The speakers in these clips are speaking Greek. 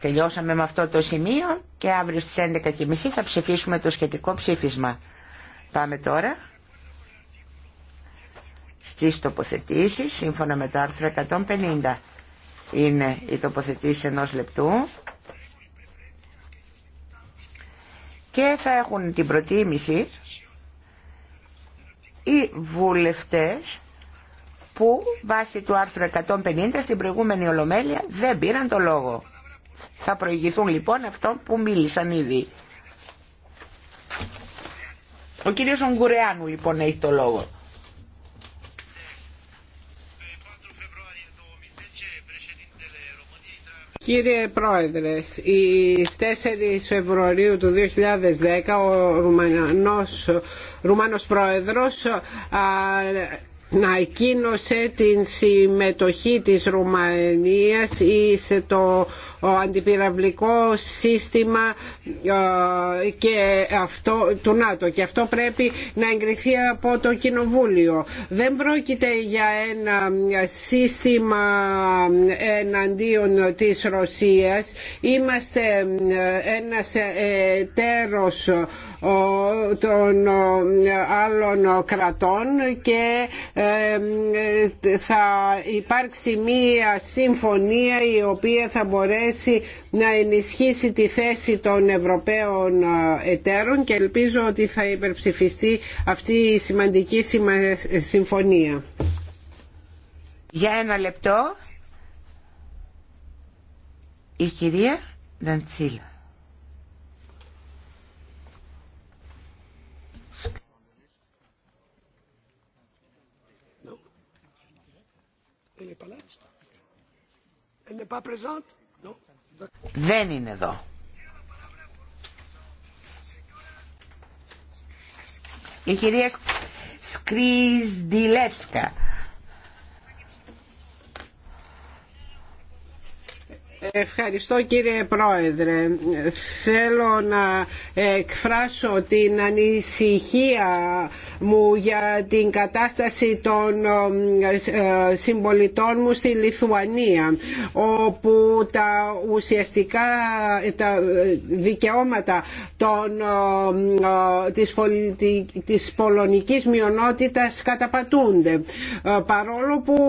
Τελειώσαμε με αυτό το σημείο και αύριο στις 11.30 θα ψηφίσουμε το σχετικό ψήφισμα. Πάμε τώρα στις τοποθετήσεις, σύμφωνα με το άρθρο 150. Είναι οι τοποθετήσεις ενός λεπτού και θα έχουν την προτίμηση οι βουλευτές που βάσει του άρθρου 150 στην προηγούμενη Ολομέλεια δεν πήραν το λόγο. Θα προηγηθούν λοιπόν αυτό που μίλησαν ήδη. Ο κύριος Ογκουρεάνου λοιπόν έχει το λόγο. Κύριε Πρόεδρε, στις 4 Φεβρουαρίου του 2010 ο Ρουμανός, Ρουμάνος Πρόεδρος να εκείνωσε την συμμετοχή της Ρουμανίας σε το ο αντιπυραυλικό σύστημα ε, και αυτό, του ΝΑΤΟ και αυτό πρέπει να εγκριθεί από το Κοινοβούλιο. Δεν πρόκειται για ένα σύστημα ε, εναντίον της Ρωσίας. Είμαστε ε, ένας τέρος των άλλων κρατών και θα υπάρξει μία συμφωνία η οποία θα μπορέσει μπορέσει να ενισχύσει τη θέση των Ευρωπαίων ε, εταίρων και ελπίζω ότι θα υπερψηφιστεί αυτή η σημαντική συμφωνία. Για ένα λεπτό η κυρία Δαντσίλα. Elle n'est pas là Elle n'est pas présente δεν είναι εδώ. Η κυρία Σκριζντιλεύσκα. Ευχαριστώ κύριε Πρόεδρε. Θέλω να εκφράσω την ανησυχία μου για την κατάσταση των ε, συμπολιτών μου στη Λιθουανία όπου τα ουσιαστικά τα δικαιώματα των, ε, της, της πολωνικής μειονότητας καταπατούνται ε, παρόλο που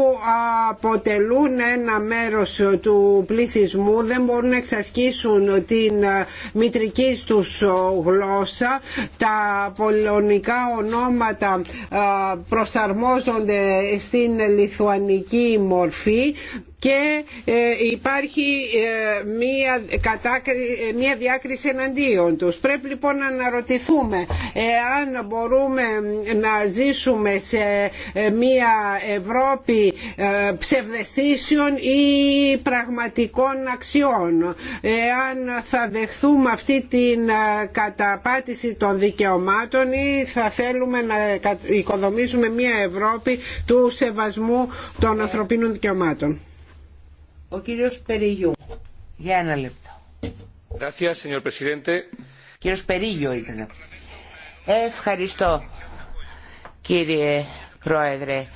αποτελούν ένα μέρος του πλήθη δεν μπορούν να εξασκήσουν την ε, μητρική τους ε, γλώσσα τα πολωνικά ονόματα ε, προσαρμόζονται στην λιθουανική μορφή και ε, υπάρχει ε, μία, ε, μία διάκριση εναντίον τους. Πρέπει λοιπόν να αναρωτηθούμε αν μπορούμε να ζήσουμε σε μία Ευρώπη ψευδεστήσεων ή πραγματικών αξιών. Εάν θα δεχθούμε αυτή την καταπάτηση των δικαιωμάτων ή θα θέλουμε να οικοδομήσουμε μία Ευρώπη του σεβασμού των ανθρωπίνων δικαιωμάτων. Ο κύριος Περιγιού. Για ένα λεπτό. Ευχαριστώ, κύριε Πρόεδρε.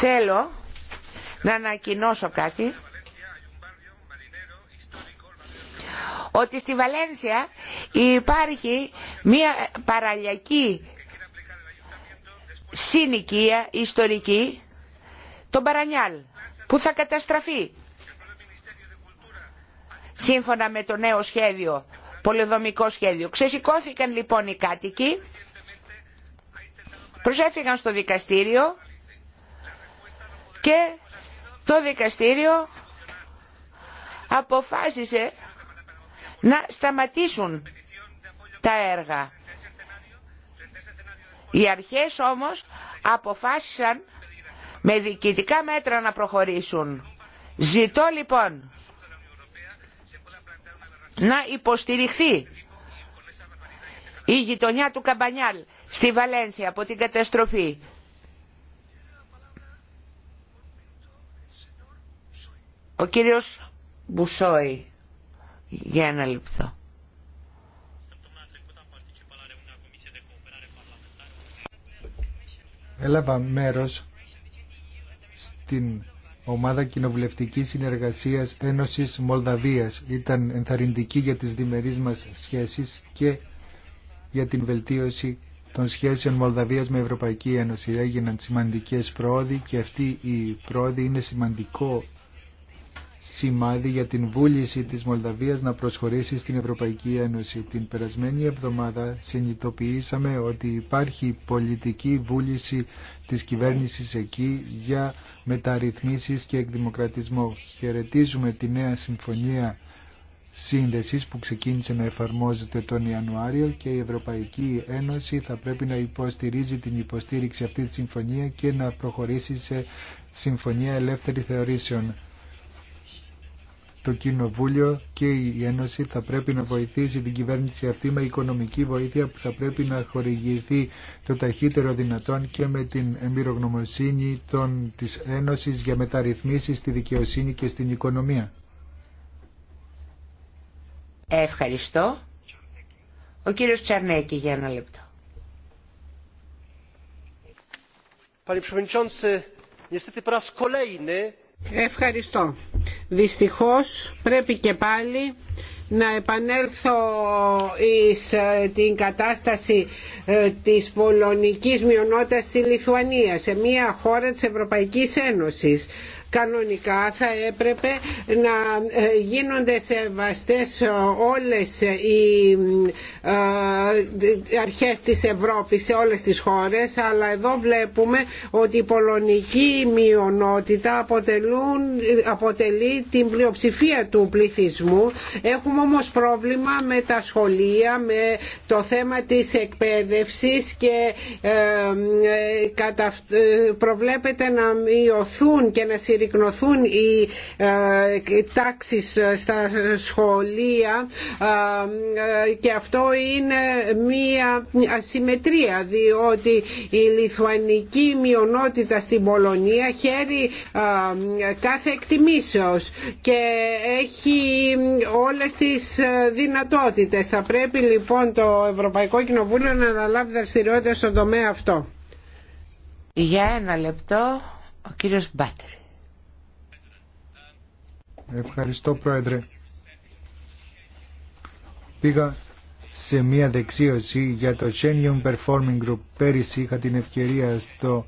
Θέλω να ανακοινώσω κάτι. Ότι στη Βαλένσια υπάρχει μια παραλιακή συνοικία ιστορική, τον Παρανιάλ, που θα καταστραφεί σύμφωνα με το νέο σχέδιο, πολυδομικό σχέδιο. Ξεσηκώθηκαν λοιπόν οι κάτοικοι, προσέφυγαν στο δικαστήριο και το δικαστήριο αποφάσισε να σταματήσουν τα έργα. Οι αρχές όμως αποφάσισαν με διοικητικά μέτρα να προχωρήσουν. Ζητώ λοιπόν να υποστηριχθεί η γειτονιά του Καμπανιάλ στη Βαλένσια από την καταστροφή. Ο κύριος Μπουσόη, για ένα λεπτό. Έλαβα μέρος στην ομάδα κοινοβουλευτικής συνεργασίας Ένωσης Μολδαβίας ήταν ενθαρρυντική για τις διμερείς μας σχέσεις και για την βελτίωση των σχέσεων Μολδαβίας με Ευρωπαϊκή Ένωση. Έγιναν σημαντικές πρόοδοι και αυτή η πρόοδοι είναι σημαντικό σημάδι για την βούληση της Μολδαβίας να προσχωρήσει στην Ευρωπαϊκή Ένωση. Την περασμένη εβδομάδα συνειδητοποιήσαμε ότι υπάρχει πολιτική βούληση της κυβέρνησης εκεί για μεταρρυθμίσεις και εκδημοκρατισμό. Χαιρετίζουμε τη νέα συμφωνία σύνδεσης που ξεκίνησε να εφαρμόζεται τον Ιανουάριο και η Ευρωπαϊκή Ένωση θα πρέπει να υποστηρίζει την υποστήριξη αυτή τη συμφωνία και να προχωρήσει σε συμφωνία ελεύθερη θεωρήσεων το Κοινοβούλιο και η Ένωση θα πρέπει να βοηθήσει την κυβέρνηση αυτή με οικονομική βοήθεια που θα πρέπει να χορηγηθεί το ταχύτερο δυνατόν και με την εμπειρογνωμοσύνη των, της Ένωσης για μεταρρυθμίσεις στη δικαιοσύνη και στην οικονομία. Ευχαριστώ. Ο κύριος Τσαρνέκη για ένα λεπτό. Ευχαριστώ. Δυστυχώς πρέπει και πάλι να επανέλθω εις ε, την κατάσταση ε, της πολωνικής μειονότητας στη Λιθουανία, σε μια χώρα της Ευρωπαϊκής Ένωσης κανονικά θα έπρεπε να ε, γίνονται σεβαστές όλες οι ε, ε, αρχές της Ευρώπης σε όλες τις χώρες αλλά εδώ βλέπουμε ότι η πολωνική μειονότητα αποτελούν, αποτελεί την πλειοψηφία του πληθυσμού έχουμε όμως πρόβλημα με τα σχολεία με το θέμα της εκπαίδευσης και προβλέπεται να μειωθούν και να συρρυκνωθούν οι ε, τάξεις ε, στα σχολεία ε, και αυτό είναι μία ασυμμετρία διότι η λιθουανική μειονότητα στην Πολωνία χαίρει κάθε εκτιμήσεως και έχει όλες τις δυνατότητες. Θα πρέπει λοιπόν το Ευρωπαϊκό Κοινοβούλιο να αναλάβει δραστηριότητα στον τομέα αυτό. Για ένα λεπτό ο κύριος Μπάτερ. Ευχαριστώ Πρόεδρε. Πήγα σε μια δεξίωση για το Shenyong Performing Group. Πέρυσι είχα την ευκαιρία στο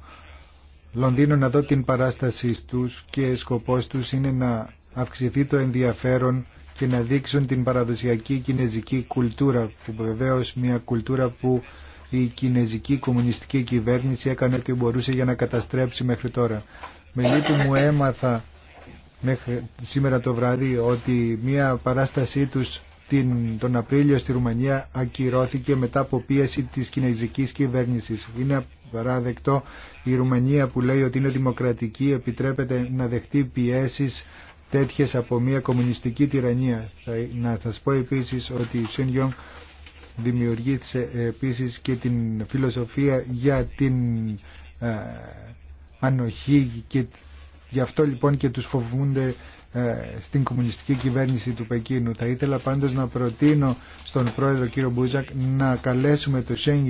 Λονδίνο να δω την παράσταση τους και σκοπός τους είναι να αυξηθεί το ενδιαφέρον και να δείξουν την παραδοσιακή κινέζικη κουλτούρα που βεβαίω μια κουλτούρα που η κινέζικη κομμουνιστική κυβέρνηση έκανε ό,τι μπορούσε για να καταστρέψει μέχρι τώρα. Με λίγο μου έμαθα μέχρι σήμερα το βράδυ ότι μια παράστασή τους την, τον Απρίλιο στη Ρουμανία ακυρώθηκε μετά από πίεση της κινέζικης κυβέρνησης. Είναι παράδεκτο η Ρουμανία που λέει ότι είναι δημοκρατική επιτρέπεται να δεχτεί πιέσεις τέτοιες από μια κομμουνιστική τυραννία. Θα, να σας πω επίσης ότι η Σενγιόν δημιουργήθηκε επίσης και την φιλοσοφία για την ε, ανοχή και Γι' αυτό λοιπόν και τους φοβούνται ε, στην κομμουνιστική κυβέρνηση του Πεκίνου. Θα ήθελα πάντως να προτείνω στον πρόεδρο κύριο Μπούζακ να καλέσουμε το Σεν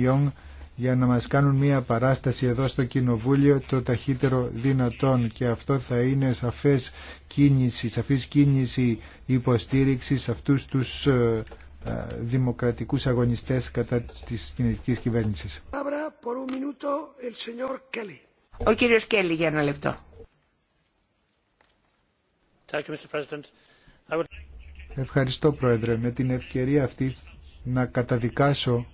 για να μας κάνουν μια παράσταση εδώ στο Κοινοβούλιο το ταχύτερο δυνατόν και αυτό θα είναι σαφές κίνηση, σαφής κίνηση υποστήριξης σε αυτούς τους ε, ε, δημοκρατικούς αγωνιστές κατά της κινητικής κυβέρνησης. Ο κύριος Κέλλη για ένα λεπτό. Ευχαριστώ Πρόεδρε. Με την ευκαιρία αυτή να καταδικάσω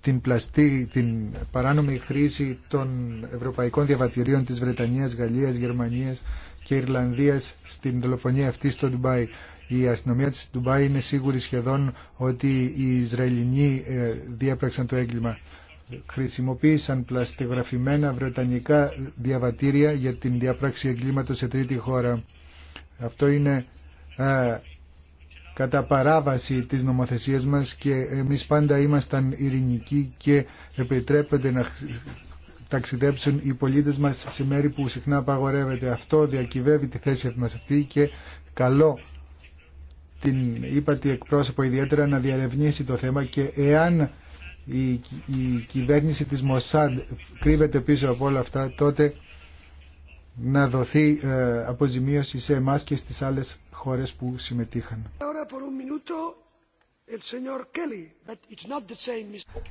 την, πλαστή, την παράνομη χρήση των ευρωπαϊκών διαβατηρίων της Βρετανίας, Γαλλίας, Γερμανίας και Ιρλανδίας στην δολοφονία αυτή στο Ντουμπάι. Η αστυνομία της Ντουμπάι είναι σίγουρη σχεδόν ότι οι Ισραηλινοί ε, διέπραξαν το έγκλημα χρησιμοποίησαν πλαστιγραφημένα βρετανικά διαβατήρια για την διαπράξη εγκλήματος σε τρίτη χώρα. Αυτό είναι καταπαράβαση κατά παράβαση της νομοθεσίας μας και εμείς πάντα ήμασταν ειρηνικοί και επιτρέπεται να ταξιδέψουν οι πολίτες μας σε μέρη που συχνά απαγορεύεται. Αυτό διακυβεύει τη θέση μας αυτή και καλό την τη εκπρόσωπο ιδιαίτερα να διαρευνήσει το θέμα και εάν η, η κυβέρνηση της Μοσάντ κρύβεται πίσω από όλα αυτά, τότε να δοθεί ε, αποζημίωση σε εμάς και στις άλλες χώρες που συμμετείχαν.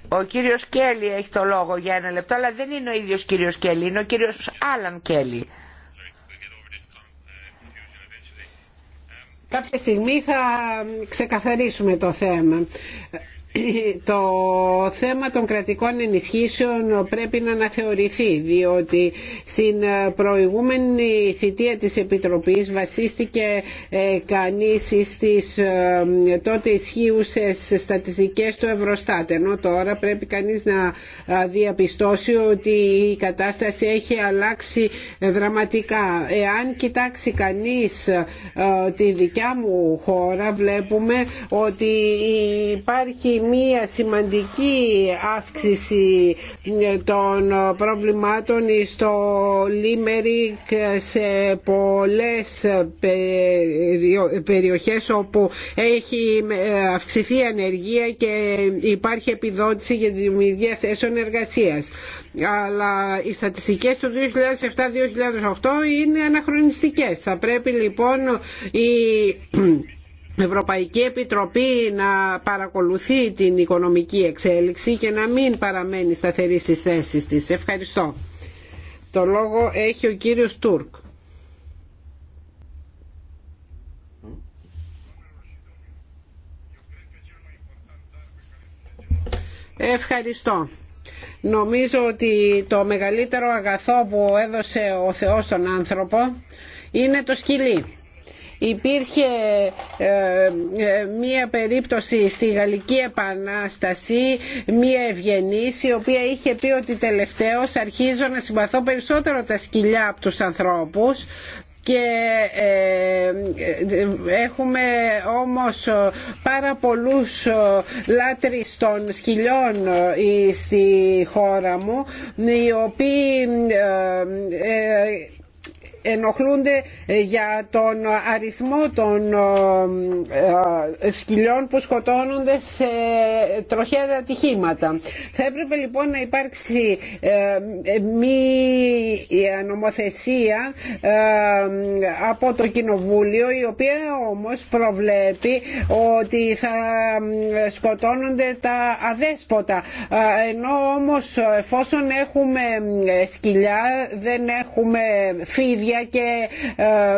Ο κύριος Κέλλη έχει το λόγο για ένα λεπτό, αλλά δεν είναι ο ίδιος κύριος Κέλλη, είναι ο κύριος Άλαν Κέλλη. Κάποια στιγμή θα ξεκαθαρίσουμε το θέμα. το θέμα των κρατικών ενισχύσεων πρέπει να αναθεωρηθεί διότι στην προηγούμενη θητεία της Επιτροπής βασίστηκε ε, κανείς στις ε, τότε ισχύουσες στατιστικές του Ευρωστάτ ενώ τώρα πρέπει κανείς να ε, διαπιστώσει ότι η κατάσταση έχει αλλάξει δραματικά. Εάν κοιτάξει κανείς τη δικιά μου χώρα βλέπουμε ότι υπάρχει μία σημαντική αύξηση ε, των ε, προβλημάτων στο Λίμερικ σε πολλές ε, περιοχές όπου έχει αυξηθεί η ανεργία και υπάρχει επιδότηση για τη δημιουργία θέσεων εργασίας. Αλλά οι στατιστικές του 2007-2008 είναι αναχρονιστικές. Θα πρέπει λοιπόν η Ευρωπαϊκή Επιτροπή να παρακολουθεί την οικονομική εξέλιξη και να μην παραμένει σταθερή στις θέσεις της. Ευχαριστώ. Το λόγο έχει ο κύριος Τούρκ. Ευχαριστώ. Νομίζω ότι το μεγαλύτερο αγαθό που έδωσε ο Θεός στον άνθρωπο είναι το σκυλί Υπήρχε ε, ε, μία περίπτωση στη Γαλλική Επανάσταση, μία ευγενής η οποία είχε πει ότι τελευταίως αρχίζω να συμπαθώ περισσότερο τα σκυλιά από τους ανθρώπους και ε, έχουμε όμως πάρα πολλούς λάτρεις των σκυλιών στη χώρα μου οι οποίοι ενοχλούνται ε, για τον αριθμό των ε, ε, σκυλιών που σκοτώνονται σε τροχαία ατυχήματα. Θα έπρεπε λοιπόν να υπάρξει μία νομοθεσία από το Κοινοβούλιο η οποία όμως προβλέπει ότι θα σκοτώνονται τα αδέσποτα ενώ όμως εφόσον έχουμε σκυλιά δεν έχουμε φίδια και ε, ε,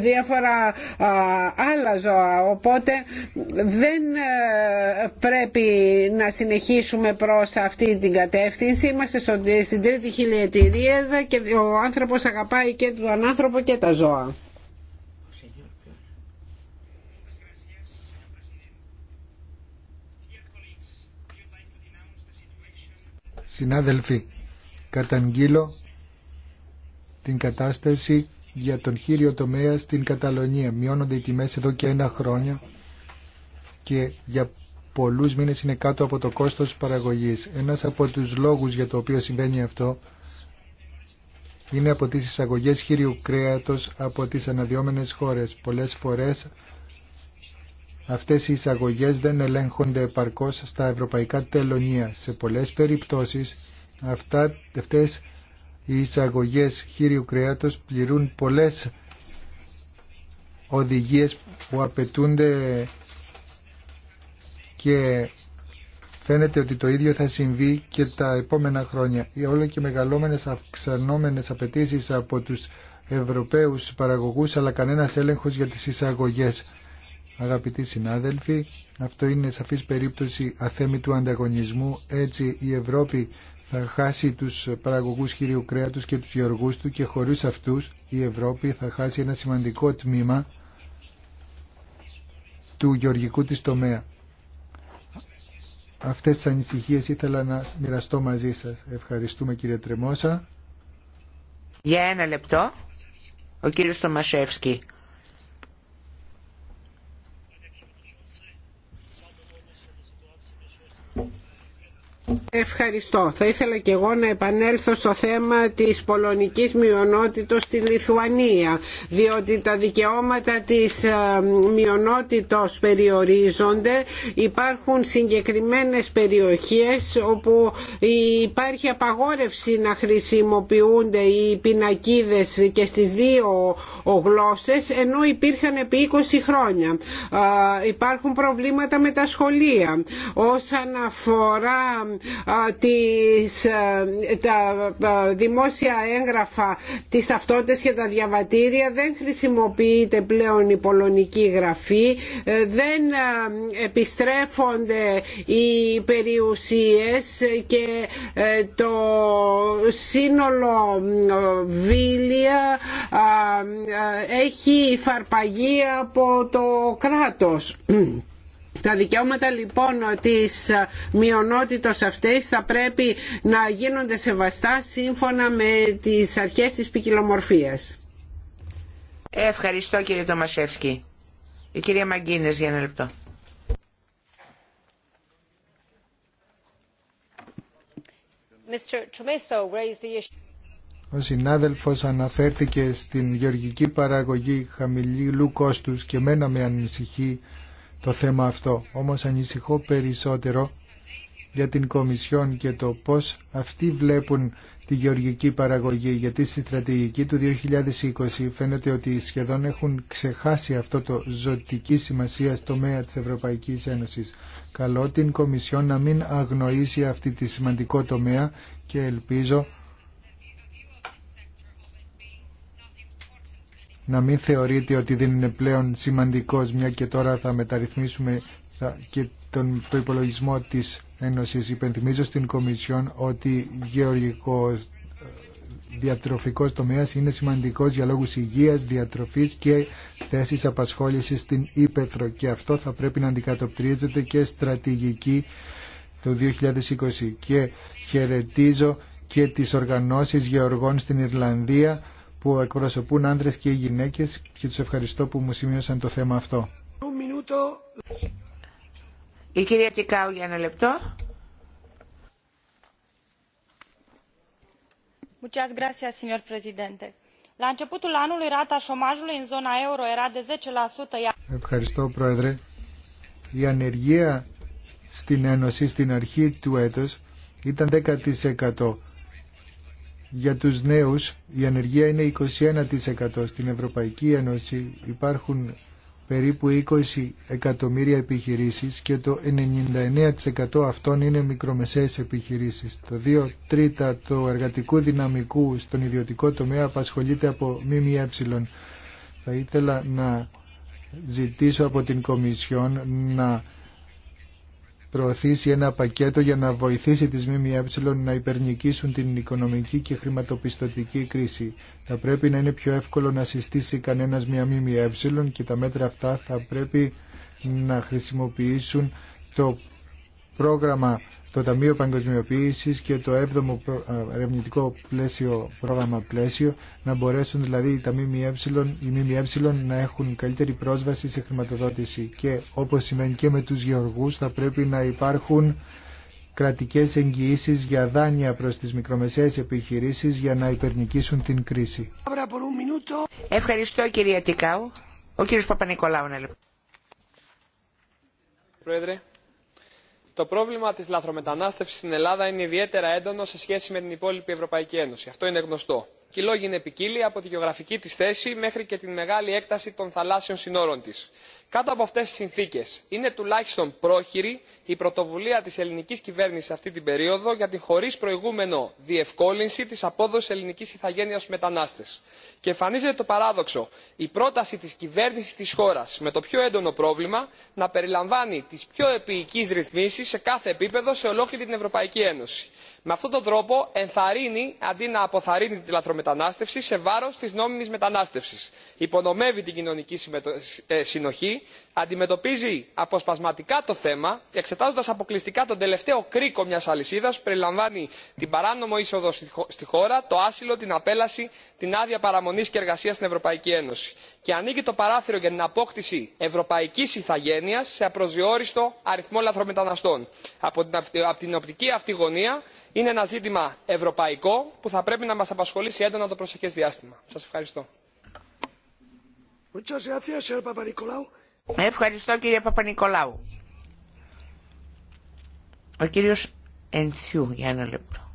διάφορα άλλα ζώα. Οπότε δεν ε, πρέπει να συνεχίσουμε προς αυτή την κατεύθυνση. Είμαστε στην τρίτη χιλιετηρία και ο άνθρωπος αγαπάει και τον άνθρωπο και τα ζώα. Συνάδελφοι, καταγγείλω την κατάσταση για τον χείριο τομέα στην Καταλωνία. Μειώνονται οι τιμές εδώ και ένα χρόνια και για πολλούς μήνες είναι κάτω από το κόστος παραγωγής. Ένας από τους λόγους για το οποίο συμβαίνει αυτό είναι από τις εισαγωγές χείριου κρέατος από τις αναδιόμενες χώρες. Πολλές φορές αυτές οι εισαγωγές δεν ελέγχονται επαρκώς στα ευρωπαϊκά τελωνία. Σε πολλές περιπτώσεις αυτά, αυτές οι εισαγωγές χείριου κρέατος πληρούν πολλές οδηγίες που απαιτούνται και φαίνεται ότι το ίδιο θα συμβεί και τα επόμενα χρόνια. Οι όλο και μεγαλόμενες αυξανόμενες απαιτήσει από τους Ευρωπαίους παραγωγούς αλλά κανένας έλεγχος για τις εισαγωγές. Αγαπητοί συνάδελφοι, αυτό είναι σαφής περίπτωση αθέμη του ανταγωνισμού. Έτσι η Ευρώπη θα χάσει τους παραγωγούς χειρίου κρέατος και τους γεωργούς του και χωρίς αυτούς η Ευρώπη θα χάσει ένα σημαντικό τμήμα του γεωργικού της τομέα. Αυτές τις ανησυχίες ήθελα να μοιραστώ μαζί σας. Ευχαριστούμε κύριε Τρεμόσα. Για ένα λεπτό, ο κύριος Τομασεύσκη. Ευχαριστώ. Θα ήθελα και εγώ να επανέλθω στο θέμα της πολωνικής μειονότητος στη Λιθουανία, διότι τα δικαιώματα της ε, μειονότητος περιορίζονται. Υπάρχουν συγκεκριμένες περιοχές όπου υπάρχει απαγόρευση να χρησιμοποιούνται οι πινακίδες και στις δύο γλώσσες, ενώ υπήρχαν επί 20 χρόνια. Υπάρχουν προβλήματα με τα σχολεία. Όσον αφορά ε, τα ε, δημόσια έγγραφα, τις ταυτότητες και τα διαβατήρια δεν χρησιμοποιείται πλέον η πολωνική γραφή, ε, δεν επιστρέφονται οι περιουσίες και το σύνολο βίλια έχει φαρπαγεί από το κράτος. Τα δικαιώματα λοιπόν της μειονότητας αυτής θα πρέπει να γίνονται σεβαστά σύμφωνα με τις αρχές της ποικιλομορφία. Ευχαριστώ κύριε Τομασεύσκη. Η κυρία Μαγκίνες για ένα λεπτό. Ο συνάδελφος αναφέρθηκε στην γεωργική παραγωγή χαμηλού κόστους και μένα με ανησυχεί το θέμα αυτό. Όμως ανησυχώ περισσότερο για την Κομισιόν και το πώς αυτοί βλέπουν τη γεωργική παραγωγή, γιατί στη στρατηγική του 2020 φαίνεται ότι σχεδόν έχουν ξεχάσει αυτό το ζωτική σημασία τομέα της Ευρωπαϊκής Ένωσης. Καλό την Κομισιόν να μην αγνοήσει αυτή τη σημαντικό τομέα και ελπίζω να μην θεωρείται ότι δεν είναι πλέον σημαντικός μια και τώρα θα μεταρρυθμίσουμε και τον υπολογισμό της Ένωσης. Υπενθυμίζω στην Κομισιόν ότι γεωργικό ε, διατροφικός τομέας είναι σημαντικός για λόγους υγείας, διατροφής και θέσης απασχόλησης στην Ήπεθρο και αυτό θα πρέπει να αντικατοπτρίζεται και στρατηγική το 2020 και χαιρετίζω και τις οργανώσεις γεωργών στην Ιρλανδία που εκπροσωπούν άνδρες και γυναίκες και τους ευχαριστώ που μου σημείωσαν το θέμα αυτό. Η κυρία Τικάου για ένα λεπτό. Muchas gracias, señor presidente. La începutul anului rata șomajului în zona euro era de 10%. Ευχαριστώ, Πρόεδρε. Η ανεργία στην Ένωση στην αρχή του έτους ήταν 10% για τους νέους η ανεργία είναι 21%. Στην Ευρωπαϊκή Ένωση υπάρχουν περίπου 20 εκατομμύρια επιχειρήσεις και το 99% αυτών είναι μικρομεσαίες επιχειρήσεις. Το 2 τρίτα του εργατικού δυναμικού στον ιδιωτικό τομέα απασχολείται από ΜΜΕ. Θα ήθελα να ζητήσω από την Κομισιόν να προωθήσει ένα πακέτο για να βοηθήσει τις ΜΜΕ να υπερνικήσουν την οικονομική και χρηματοπιστωτική κρίση. Θα πρέπει να είναι πιο εύκολο να συστήσει κανένας μια ΜΜΕ και τα μέτρα αυτά θα πρέπει να χρησιμοποιήσουν το πρόγραμμα το Ταμείο Παγκοσμιοποίηση και το 7ο ερευνητικό πλαίσιο, πρόγραμμα πλαίσιο να μπορέσουν δηλαδή τα ΜΜΕ, οι ΜΜΕ να έχουν καλύτερη πρόσβαση σε χρηματοδότηση και όπως σημαίνει και με τους γεωργού θα πρέπει να υπάρχουν κρατικές εγγυήσει για δάνεια προς τις μικρομεσαίες επιχειρήσεις για να υπερνικήσουν την κρίση. Ευχαριστώ κύριε Τικάου. Ο κύριος Παπα-Νικολάου. Πρόεδρε, το πρόβλημα της λαθρομετανάστευσης στην ελλάδα είναι ιδιαίτερα έντονο σε σχέση με την υπόλοιπη ευρωπαϊκή ένωση αυτό είναι γνωστό και οι λόγοι είναι ποικίλοι από τη γεωγραφική της θέση μέχρι και τη μεγάλη έκταση των θαλάσσιων συνόρων της. κάτω από αυτές τις συνθήκες είναι τουλάχιστον πρόχειρη η πρωτοβουλία της ελληνικής κυβέρνησης αυτή την περίοδο για την χωρίς προηγούμενο διευκόλυνση της απόδοσης ελληνικής ηθαγένειας στους μετανάστες και εμφανίζεται το παράδοξο η πρόταση της κυβέρνησης της χώρας με το πιο έντονο πρόβλημα να περιλαμβάνει τις πιο επίοικείς ρυθμίσεις σε κάθε επίπεδο σε ολόκληρη την ευρωπαϊκή ένωση με αυτόν τον τρόπο ενθαρρύνει αντί να αποθαρρύνει τη λαθρομετανάστευση σε βάρος της νόμιμης μετανάστευσης υπονομεύει την κοινωνική ε, συνοχή αντιμετωπίζει αποσπασματικά το θέμα εξετάζοντας αποκλειστικά τον τελευταίο κρίκο μιας αλυσίδας περιλαμβάνει την παράνομο είσοδο στη χώρα το άσυλο την απέλαση την άδεια παραμονής και εργασίας στην ευρωπαϊκή ένωση και ανοίγει το παράθυρο για την απόκτηση ευρωπαϊκής ηθαγένειας σε απροσδιόριστο αριθμό λαθρομεταναστών. από την ε, οπτική αυτή γωνία είναι ένα ζήτημα ευρωπαϊκό που θα πρέπει να μας απασχολήσει έντονα το προσεχές διάστημα. Σας ευχαριστώ. Ευχαριστώ κύριε Παπα-Νικολάου. Ο κύριος Ενθιού για ένα λεπτό.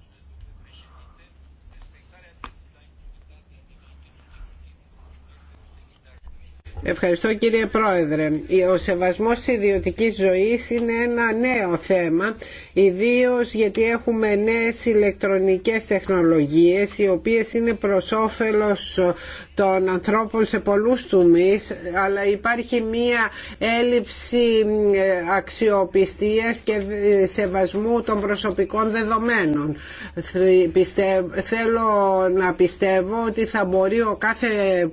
Ευχαριστώ κύριε Πρόεδρε. Ο σεβασμός ιδιωτικής ζωής είναι ένα νέο θέμα, ιδίως γιατί έχουμε νέες ηλεκτρονικές τεχνολογίες οι οποίες είναι προς όφελος των ανθρώπων σε πολλούς τομείς αλλά υπάρχει μία έλλειψη ε, αξιοπιστίας και ε, σεβασμού των προσωπικών δεδομένων. Θέλω να πιστεύω ότι θα μπορεί ο κάθε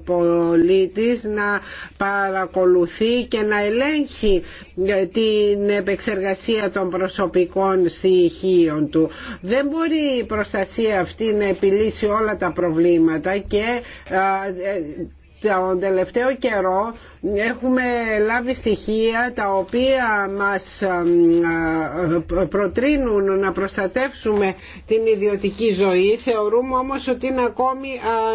πολίτης να παρακολουθεί και να ελέγχει ε, την επεξεργασία των προσωπικών στοιχείων του. Δεν μπορεί η προστασία αυτή να επιλύσει όλα τα προβλήματα και τον τελευταίο καιρό έχουμε λάβει στοιχεία τα οποία μας προτρίνουν να προστατεύσουμε την ιδιωτική ζωή. Θεωρούμε όμως ότι είναι ακόμη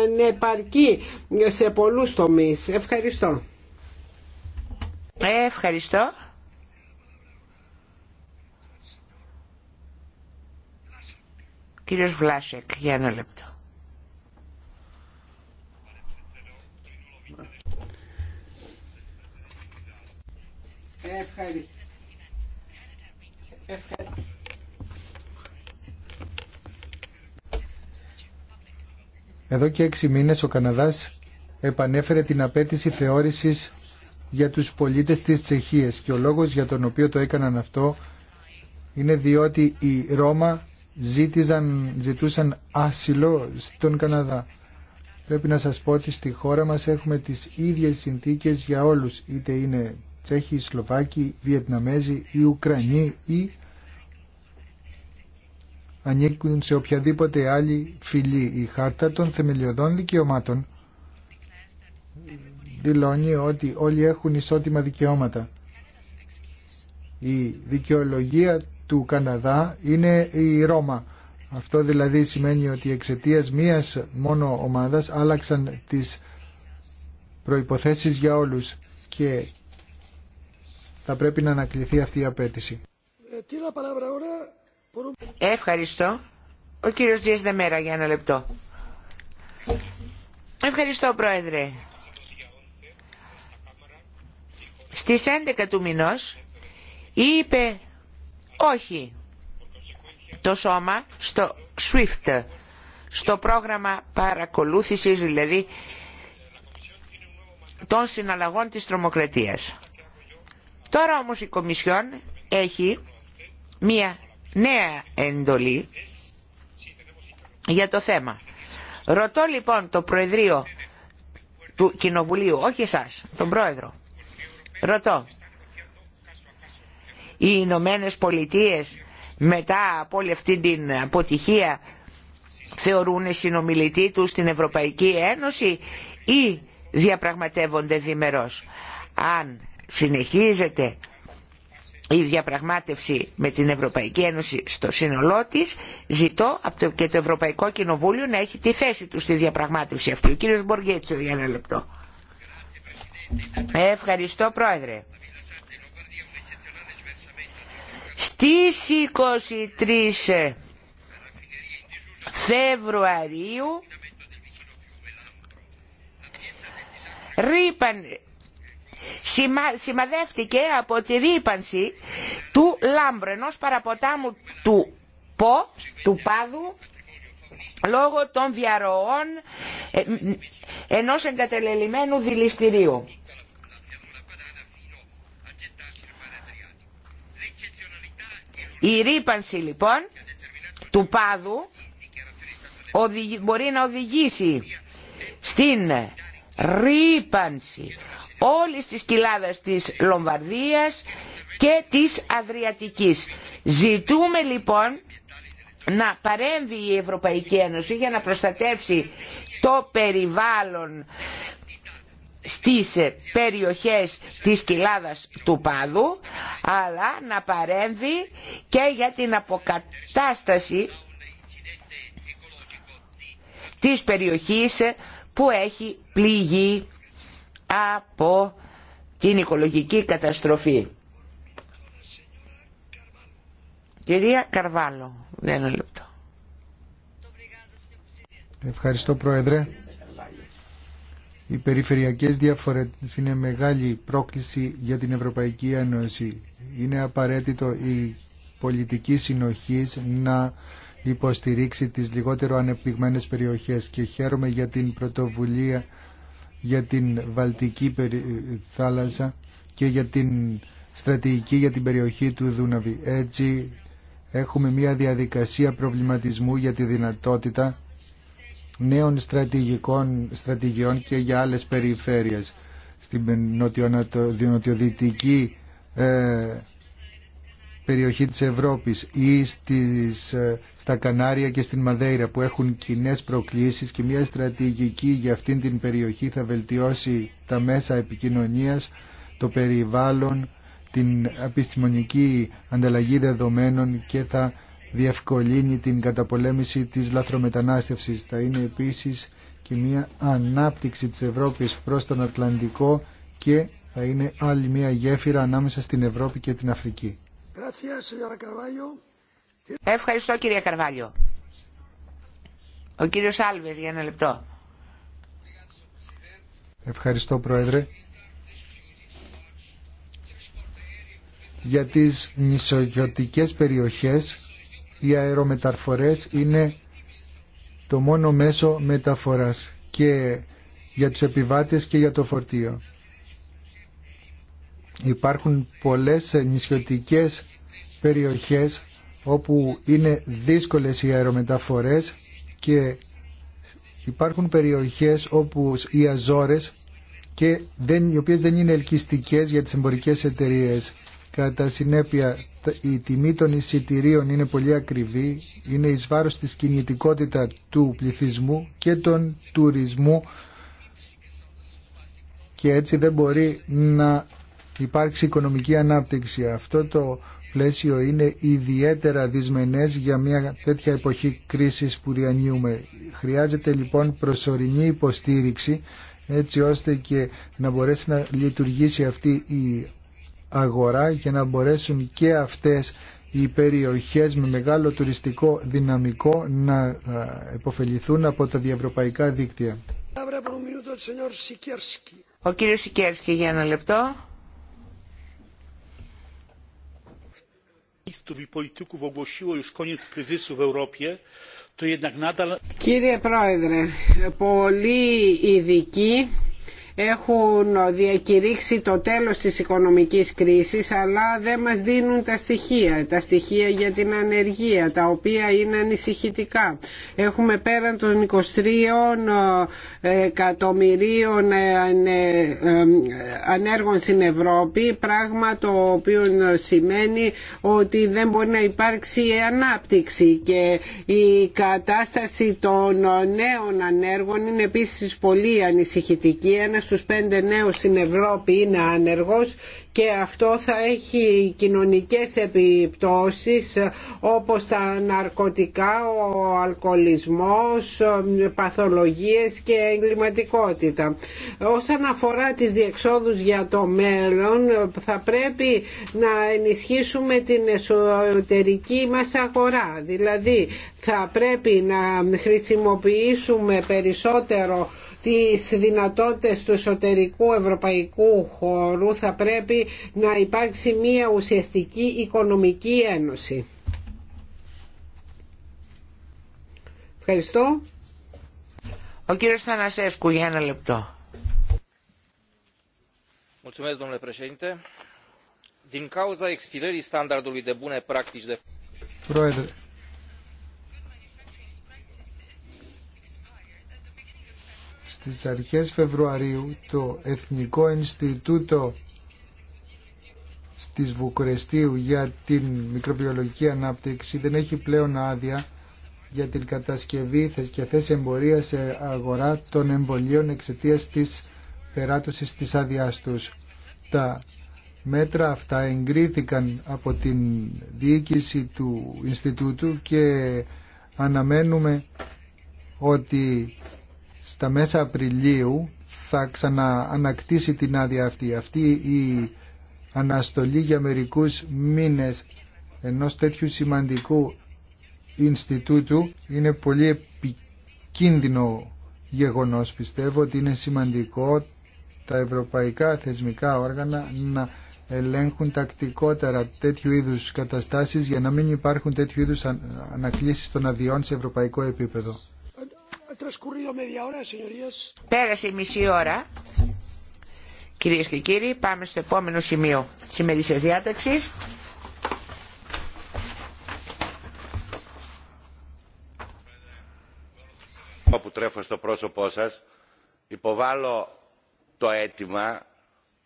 ανεπαρκή σε πολλούς τομείς. Ευχαριστώ. Ευχαριστώ. Κύριος Βλάσεκ, για ένα λεπτό. Εδώ και έξι μήνες ο Καναδάς επανέφερε την απέτηση θεώρησης για τους πολίτες της Τσεχίας και ο λόγος για τον οποίο το έκαναν αυτό είναι διότι οι Ρώμα ζήτησαν, ζητούσαν άσυλο στον Καναδά. Πρέπει να σας πω ότι στη χώρα μας έχουμε τις ίδιες συνθήκες για όλους, είτε είναι Τσέχοι, Σλοβάκοι, Βιετναμέζοι ή Ουκρανοί ή ανήκουν σε οποιαδήποτε άλλη φυλή. Η Χάρτα των Θεμελιωδών Δικαιωμάτων δηλώνει ότι όλοι έχουν ισότιμα δικαιώματα. Η δικαιολογία του Καναδά είναι η Ρώμα. Αυτό δηλαδή σημαίνει ότι εξαιτία μίας μόνο ομάδας άλλαξαν τις προϋποθέσεις για όλους και θα πρέπει να ανακληθεί αυτή η απέτηση. Ευχαριστώ. Ο κύριος Δίας για ένα λεπτό. Ευχαριστώ Πρόεδρε. Στις 11 του μηνός είπε όχι το σώμα στο SWIFT, στο πρόγραμμα παρακολούθησης δηλαδή των συναλλαγών της τρομοκρατίας. Τώρα όμως η Κομισιόν έχει μία νέα εντολή για το θέμα. Ρωτώ λοιπόν το Προεδρείο του Κοινοβουλίου, όχι εσάς, τον Πρόεδρο. Ρωτώ, οι Ηνωμένε Πολιτείε μετά από όλη αυτή την αποτυχία θεωρούν συνομιλητή τους την Ευρωπαϊκή Ένωση ή διαπραγματεύονται διμερός. Αν συνεχίζεται η διαπραγμάτευση με την Ευρωπαϊκή Ένωση στο σύνολό τη, ζητώ και το Ευρωπαϊκό Κοινοβούλιο να έχει τη θέση του στη διαπραγμάτευση αυτή. Ο κύριος Μποργέτσο, για ένα λεπτό. Ευχαριστώ Πρόεδρε. Στις 23 Φεβρουαρίου ρήπαν σημαδεύτηκε από τη ρήπανση του Λάμπρου, ενός παραποτάμου του Πο, του Πάδου, λόγω των διαρροών ε, ενός εγκατελελειμμένου δηληστηρίου. Η ρήπανση λοιπόν του πάδου μπορεί να οδηγήσει στην ρήπανση όλες τις κοιλάδας της Λομβαρδίας και της Αδριατικής. Ζητούμε λοιπόν να παρέμβει η Ευρωπαϊκή Ένωση για να προστατεύσει το περιβάλλον στις περιοχές της κοιλάδας του Πάδου αλλά να παρέμβει και για την αποκατάσταση της περιοχής που έχει πληγεί από την οικολογική καταστροφή. Κυρία Καρβάλο, ναι, ένα λεπτό. Ευχαριστώ Πρόεδρε. Οι περιφερειακές διαφορές είναι μεγάλη πρόκληση για την Ευρωπαϊκή Ένωση. Είναι απαραίτητο η πολιτική συνοχής να υποστηρίξει τις λιγότερο ανεπτυγμένες περιοχές και χαίρομαι για την πρωτοβουλία για την Βαλτική θάλασσα και για την στρατηγική για την περιοχή του Δούναβη. Έτσι έχουμε μια διαδικασία προβληματισμού για τη δυνατότητα νέων στρατηγικών στρατηγιών και για άλλες περιφέρειες. Στην νοτιοδυτική ε, περιοχή της Ευρώπης ή στις, ε, στα Κανάρια και στην Μαδέιρα που έχουν κοινέ προκλήσεις και μια στρατηγική για αυτήν την περιοχή θα βελτιώσει τα μέσα επικοινωνίας, το περιβάλλον, την επιστημονική ανταλλαγή δεδομένων και θα διευκολύνει την καταπολέμηση της λαθρομετανάστευσης. Θα είναι επίσης και μια ανάπτυξη της Ευρώπης προς τον Ατλαντικό και θα είναι άλλη μια γέφυρα ανάμεσα στην Ευρώπη και την Αφρική. Ευχαριστώ κύριε Καρβάλιο. Ο κύριος Άλβες για ένα λεπτό. Ευχαριστώ Πρόεδρε. Για τις νησογειωτικές περιοχές οι αερομεταφορές είναι το μόνο μέσο μεταφοράς και για τους επιβάτες και για το φορτίο υπάρχουν πολλές νησιωτικές περιοχές όπου είναι δύσκολες οι αερομεταφορές και υπάρχουν περιοχές όπου οι αζόρες και δεν, οι οποίες δεν είναι ελκυστικές για τις εμπορικές εταιρείες. Κατά συνέπεια η τιμή των εισιτηρίων είναι πολύ ακριβή, είναι εις βάρος της κινητικότητα του πληθυσμού και των τουρισμού και έτσι δεν μπορεί να υπάρξει οικονομική ανάπτυξη. Αυτό το πλαίσιο είναι ιδιαίτερα δυσμενές για μια τέτοια εποχή κρίσης που διανύουμε. Χρειάζεται λοιπόν προσωρινή υποστήριξη έτσι ώστε και να μπορέσει να λειτουργήσει αυτή η αγορά και να μπορέσουν και αυτές οι περιοχές με μεγάλο τουριστικό δυναμικό να επωφεληθούν από τα διευρωπαϊκά δίκτυα. Ο κύριος Σικέρσκι για ένα λεπτό. aktywistów i polityków ogłosiło już koniec kryzysu w Europie, to jednak nadal... Κύριε Πρόεδρε, πολλοί ειδικοί έχουν διακηρύξει το τέλος της οικονομικής κρίσης αλλά δεν μας δίνουν τα στοιχεία, τα στοιχεία για την ανεργία τα οποία είναι ανησυχητικά. Έχουμε πέραν των 23 ε, εκατομμυρίων ε, ε, ανέργων στην Ευρώπη πράγμα το οποίο σημαίνει ότι δεν μπορεί να υπάρξει ανάπτυξη και η κατάσταση των νέων ανέργων είναι επίσης πολύ ανησυχητική στους πέντε νέους στην Ευρώπη είναι άνεργος και αυτό θα έχει κοινωνικές επιπτώσεις όπως τα ναρκωτικά, ο αλκοολισμός, παθολογίες και εγκληματικότητα. Όσον αφορά τις διεξόδους για το μέλλον θα πρέπει να ενισχύσουμε την εσωτερική μας αγορά. Δηλαδή θα πρέπει να χρησιμοποιήσουμε περισσότερο τις δυνατότητες του εσωτερικού ευρωπαϊκού χώρου θα πρέπει να υπάρξει μια ουσιαστική οικονομική ένωση. Ευχαριστώ. Ο κύριος Θανασέσκου για ένα λεπτό. Din cauza expirării standardului de bune practici de... Πρόεδρε, στις αρχές Φεβρουαρίου το Εθνικό Ινστιτούτο της Βουκουρεστίου για την μικροβιολογική ανάπτυξη δεν έχει πλέον άδεια για την κατασκευή και θέση εμπορία σε αγορά των εμβολίων εξαιτία της περάτωσης της άδειά τους. Τα μέτρα αυτά εγκρίθηκαν από την διοίκηση του Ινστιτούτου και αναμένουμε ότι στα μέσα Απριλίου θα ξαναανακτήσει την άδεια αυτή. Αυτή η αναστολή για μερικούς μήνες ενός τέτοιου σημαντικού Ινστιτούτου είναι πολύ επικίνδυνο γεγονός. Πιστεύω ότι είναι σημαντικό τα ευρωπαϊκά θεσμικά όργανα να ελέγχουν τακτικότερα τέτοιου είδους καταστάσεις για να μην υπάρχουν τέτοιου είδους ανακλήσεις των αδειών σε ευρωπαϊκό επίπεδο. Πέρασε η μισή ώρα. Κυρίες και κύριοι, πάμε στο επόμενο σημείο της ημερήσια διάταξης. Όπου τρέφω στο πρόσωπό σας υποβάλλω το αίτημα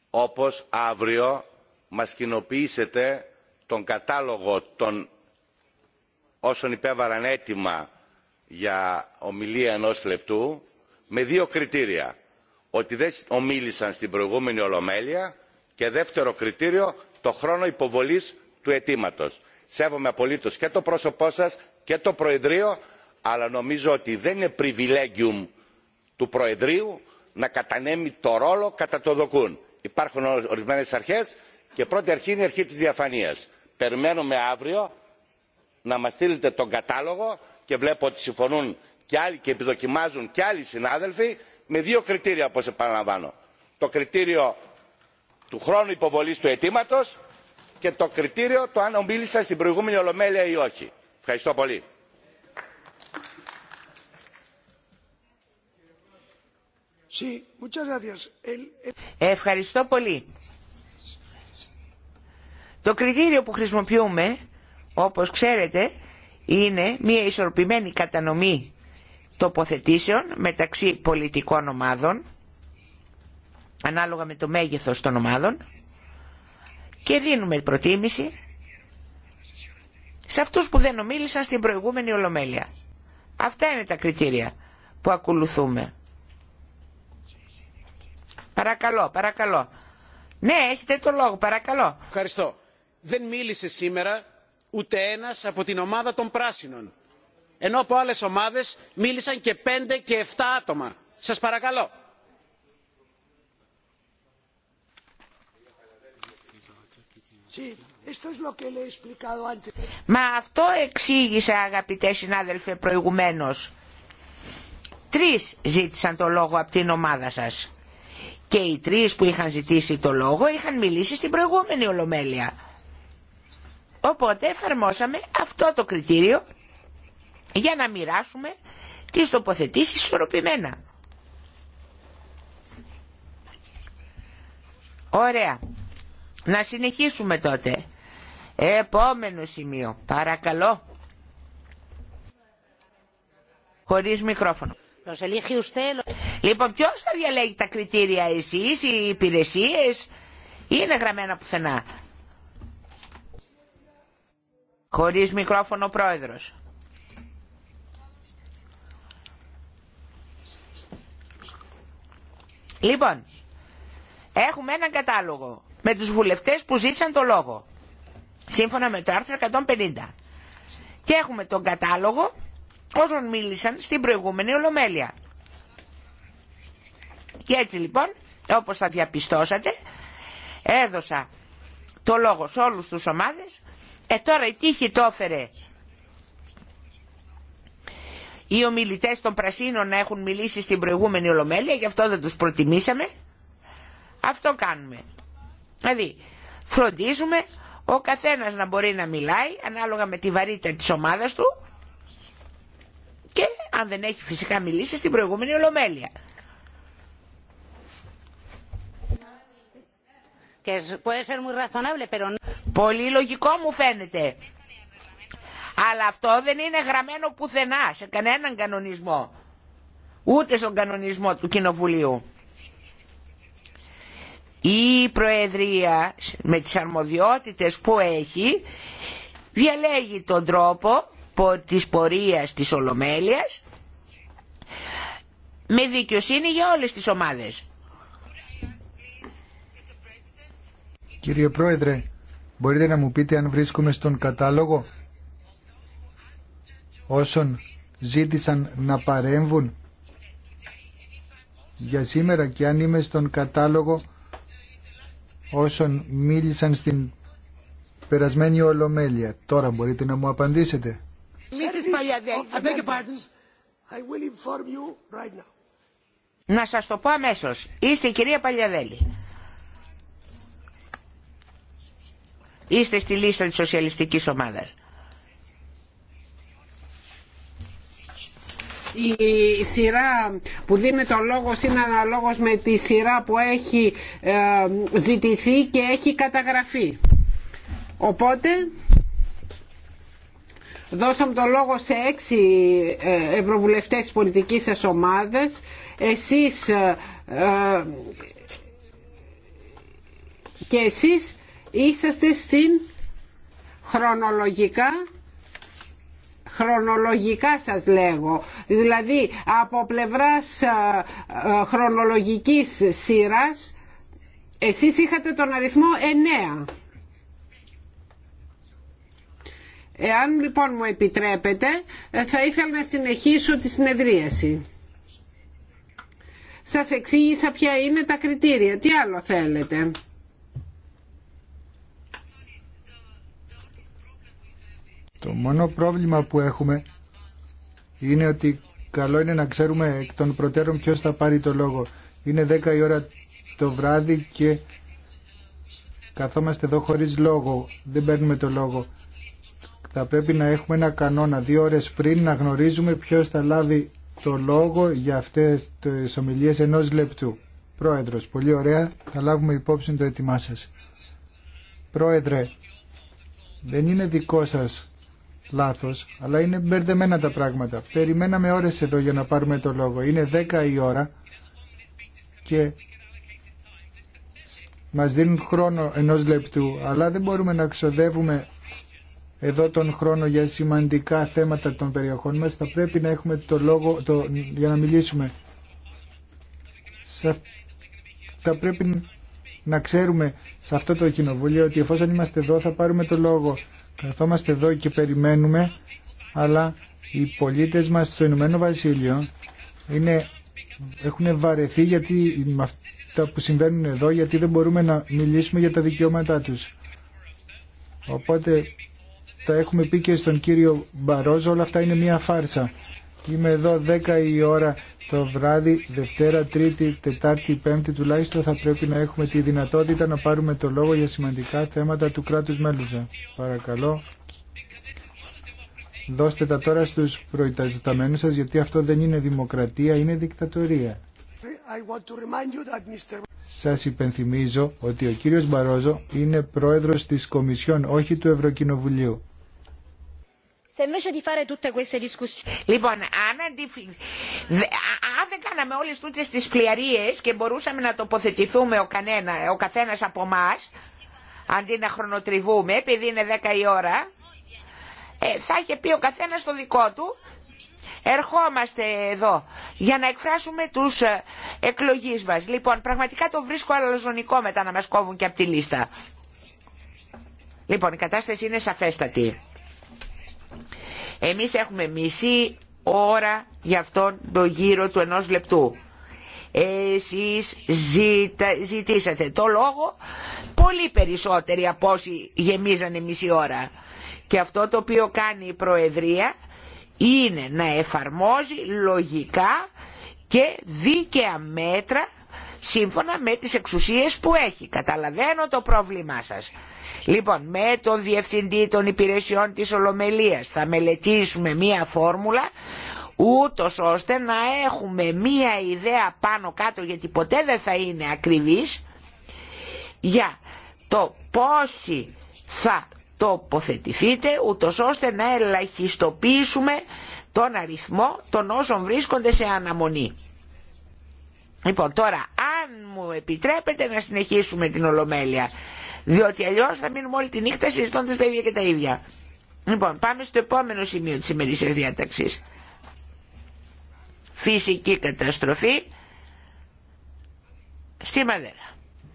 όπως αύριο μας κοινοποιήσετε τον κατάλογο των όσων υπέβαλαν αίτημα για ομιλία ενός λεπτού με δύο κριτήρια. Ότι δεν ομίλησαν στην προηγούμενη Ολομέλεια και δεύτερο κριτήριο το χρόνο υποβολής του αιτήματο. Σέβομαι απολύτως και το πρόσωπό σας και το Προεδρείο αλλά νομίζω ότι δεν είναι privilegium του Προεδρείου να κατανέμει το ρόλο κατά το δοκούν. Υπάρχουν ορισμένες αρχές και πρώτη αρχή είναι η αρχή της διαφανείας. Περιμένουμε αύριο να μας στείλετε τον κατάλογο και βλέπω ότι συμφωνούν και άλλοι και επιδοκιμάζουν και άλλοι συνάδελφοι με δύο κριτήρια όπως επαναλαμβάνω. Το κριτήριο του χρόνου υποβολής του αιτήματο και το κριτήριο το αν ομίλησα στην προηγούμενη ολομέλεια ή όχι. Ευχαριστώ πολύ. Ευχαριστώ πολύ. Το κριτήριο που χρησιμοποιούμε, όπως ξέρετε, είναι μια ισορροπημένη κατανομή τοποθετήσεων μεταξύ πολιτικών ομάδων ανάλογα με το μέγεθος των ομάδων και δίνουμε προτίμηση σε αυτούς που δεν ομίλησαν στην προηγούμενη Ολομέλεια. Αυτά είναι τα κριτήρια που ακολουθούμε. Παρακαλώ, παρακαλώ. Ναι, έχετε το λόγο, παρακαλώ. Ευχαριστώ. Δεν μίλησε σήμερα ούτε ένας από την ομάδα των πράσινων ενώ από άλλες ομάδες μίλησαν και πέντε και εφτά άτομα. σας παρακαλώ. Μα αυτό εξήγησα αγαπητέ συνάδελφε προηγουμένως. Τρεις ζήτησαν το λόγο από την ομάδα σας. Και οι τρεις που είχαν ζητήσει το λόγο είχαν μιλήσει στην προηγούμενη Ολομέλεια. Οπότε εφαρμόσαμε αυτό το κριτήριο για να μοιράσουμε τις τοποθετήσεις ισορροπημένα. Ωραία. Να συνεχίσουμε τότε. Επόμενο σημείο. Παρακαλώ. Χωρίς μικρόφωνο. Λοιπόν, ποιος θα διαλέγει τα κριτήρια εσείς, οι υπηρεσίες, είναι γραμμένα πουθενά. Χωρίς μικρόφωνο πρόεδρος. Λοιπόν, έχουμε έναν κατάλογο με τους βουλευτές που ζήτησαν το λόγο, σύμφωνα με το άρθρο 150. Και έχουμε τον κατάλογο όσων μίλησαν στην προηγούμενη Ολομέλεια. Και έτσι λοιπόν, όπως θα διαπιστώσατε, έδωσα το λόγο σε όλους τους ομάδες ε τώρα η τύχη το έφερε. Οι ομιλητέ των Πρασίνων να έχουν μιλήσει στην προηγούμενη Ολομέλεια, γι' αυτό δεν του προτιμήσαμε. Αυτό κάνουμε. Δηλαδή, φροντίζουμε ο καθένας να μπορεί να μιλάει ανάλογα με τη βαρύτητα της ομάδας του και αν δεν έχει φυσικά μιλήσει στην προηγούμενη Ολομέλεια. Πολύ λογικό μου φαίνεται. Αλλά αυτό δεν είναι γραμμένο πουθενά σε κανέναν κανονισμό. Ούτε στον κανονισμό του Κοινοβουλίου. Η Προεδρία με τις αρμοδιότητες που έχει διαλέγει τον τρόπο της πορείας της Ολομέλειας με δικαιοσύνη για όλες τις ομάδες. Κύριε Πρόεδρε, Μπορείτε να μου πείτε αν βρίσκομαι στον κατάλογο όσων ζήτησαν να παρέμβουν για σήμερα και αν είμαι στον κατάλογο όσων μίλησαν στην περασμένη Ολομέλεια. Τώρα μπορείτε να μου απαντήσετε. Να σας το πω αμέσως. Είστε η κυρία Παλιαδέλη. Είστε στη λίστα της σοσιαλιστικής ομάδας. η σειρά που δίνει το λόγο είναι αναλόγως με τη σειρά που έχει ε, ζητηθεί και έχει καταγραφεί. Οπότε δώσαμε το λόγο σε έξι ε, ευρωβουλευτές της πολιτικής σας ομάδας. Εσείς ε, και εσείς είσαστε στην χρονολογικά χρονολογικά σας λέγω δηλαδή από πλευράς χρονολογικής σειράς εσείς είχατε τον αριθμό 9 Εάν λοιπόν μου επιτρέπετε, ε, θα ήθελα να συνεχίσω τη συνεδρίαση. Σας εξήγησα ποια είναι τα κριτήρια. Τι άλλο θέλετε. Το μόνο πρόβλημα που έχουμε είναι ότι καλό είναι να ξέρουμε εκ των προτέρων ποιος θα πάρει το λόγο. Είναι 10 η ώρα το βράδυ και καθόμαστε εδώ χωρίς λόγο, δεν παίρνουμε το λόγο. Θα πρέπει να έχουμε ένα κανόνα δύο ώρες πριν να γνωρίζουμε ποιος θα λάβει το λόγο για αυτές τις ομιλίες ενός λεπτού. Πρόεδρος, πολύ ωραία, θα λάβουμε υπόψη το έτοιμά σας. Πρόεδρε, δεν είναι δικό σας λάθος, αλλά είναι μπερδεμένα τα πράγματα. Περιμέναμε ώρες εδώ για να πάρουμε το λόγο. Είναι 10 η ώρα και μας δίνουν χρόνο ενός λεπτού, αλλά δεν μπορούμε να ξοδεύουμε εδώ τον χρόνο για σημαντικά θέματα των περιοχών μας. Θα πρέπει να έχουμε το λόγο το, για να μιλήσουμε. Θα πρέπει να ξέρουμε σε αυτό το κοινοβούλιο ότι εφόσον είμαστε εδώ θα πάρουμε το λόγο Καθόμαστε εδώ και περιμένουμε, αλλά οι πολίτες μας στο Ηνωμένο Βασίλειο είναι, έχουν βαρεθεί γιατί, με αυτά που συμβαίνουν εδώ γιατί δεν μπορούμε να μιλήσουμε για τα δικαιώματά τους. Οπότε τα έχουμε πει και στον κύριο Μπαρόζο, όλα αυτά είναι μια φάρσα. Είμαι εδώ 10 η ώρα το βράδυ, Δευτέρα, Τρίτη, Τετάρτη, Πέμπτη τουλάχιστον θα πρέπει να έχουμε τη δυνατότητα να πάρουμε το λόγο για σημαντικά θέματα του κράτους μελουζά. Παρακαλώ, δώστε τα τώρα στους προϊταζεταμένους σας γιατί αυτό δεν είναι δημοκρατία, είναι δικτατορία. Σας υπενθυμίζω ότι ο κύριος Μπαρόζο είναι πρόεδρος της Κομισιόν, όχι του Ευρωκοινοβουλίου. Λοιπόν, αν, αν δεν κάναμε όλε τούτε τι πλιαρίες και μπορούσαμε να τοποθετηθούμε ο, κανένα, ο καθένας από εμά, αντί να χρονοτριβούμε, επειδή είναι 10 η ώρα, ε, θα είχε πει ο καθένα το δικό του ερχόμαστε εδώ για να εκφράσουμε τους ε, εκλογείς μας. Λοιπόν, πραγματικά το βρίσκω αλαζονικό μετά να μας κόβουν και από τη λίστα. Λοιπόν, η κατάσταση είναι σαφέστατη. Εμείς έχουμε μισή ώρα για αυτόν το γύρο του ενός λεπτού. Εσείς ζητήσατε το λόγο πολύ περισσότεροι από όσοι γεμίζανε μισή ώρα. Και αυτό το οποίο κάνει η Προεδρία είναι να εφαρμόζει λογικά και δίκαια μέτρα σύμφωνα με τις εξουσίες που έχει. Καταλαβαίνω το πρόβλημά σας. Λοιπόν, με τον Διευθυντή των Υπηρεσιών της Ολομελίας θα μελετήσουμε μία φόρμουλα ούτως ώστε να έχουμε μία ιδέα πάνω κάτω γιατί ποτέ δεν θα είναι ακριβής για το πόσοι θα τοποθετηθείτε ούτως ώστε να ελαχιστοποιήσουμε τον αριθμό των όσων βρίσκονται σε αναμονή. Λοιπόν τώρα αν μου επιτρέπετε να συνεχίσουμε την Ολομέλεια διότι αλλιώ θα μείνουμε όλη τη νύχτα συζητώντα τα ίδια και τα ίδια. Λοιπόν, πάμε στο επόμενο σημείο τη σημερινής διάταξη. Φυσική καταστροφή στη Μαδέρα.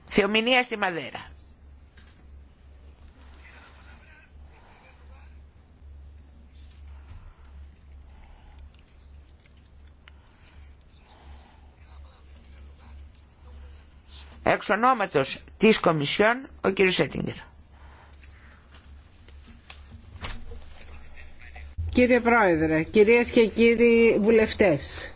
Θεομηνία στη Μαδέρα. Εξ ονόματος της Κομισιόν, ο κύριος Σέτιγκερ. Κύριε Πρόεδρε, κυρίες και κύριοι βουλευτές,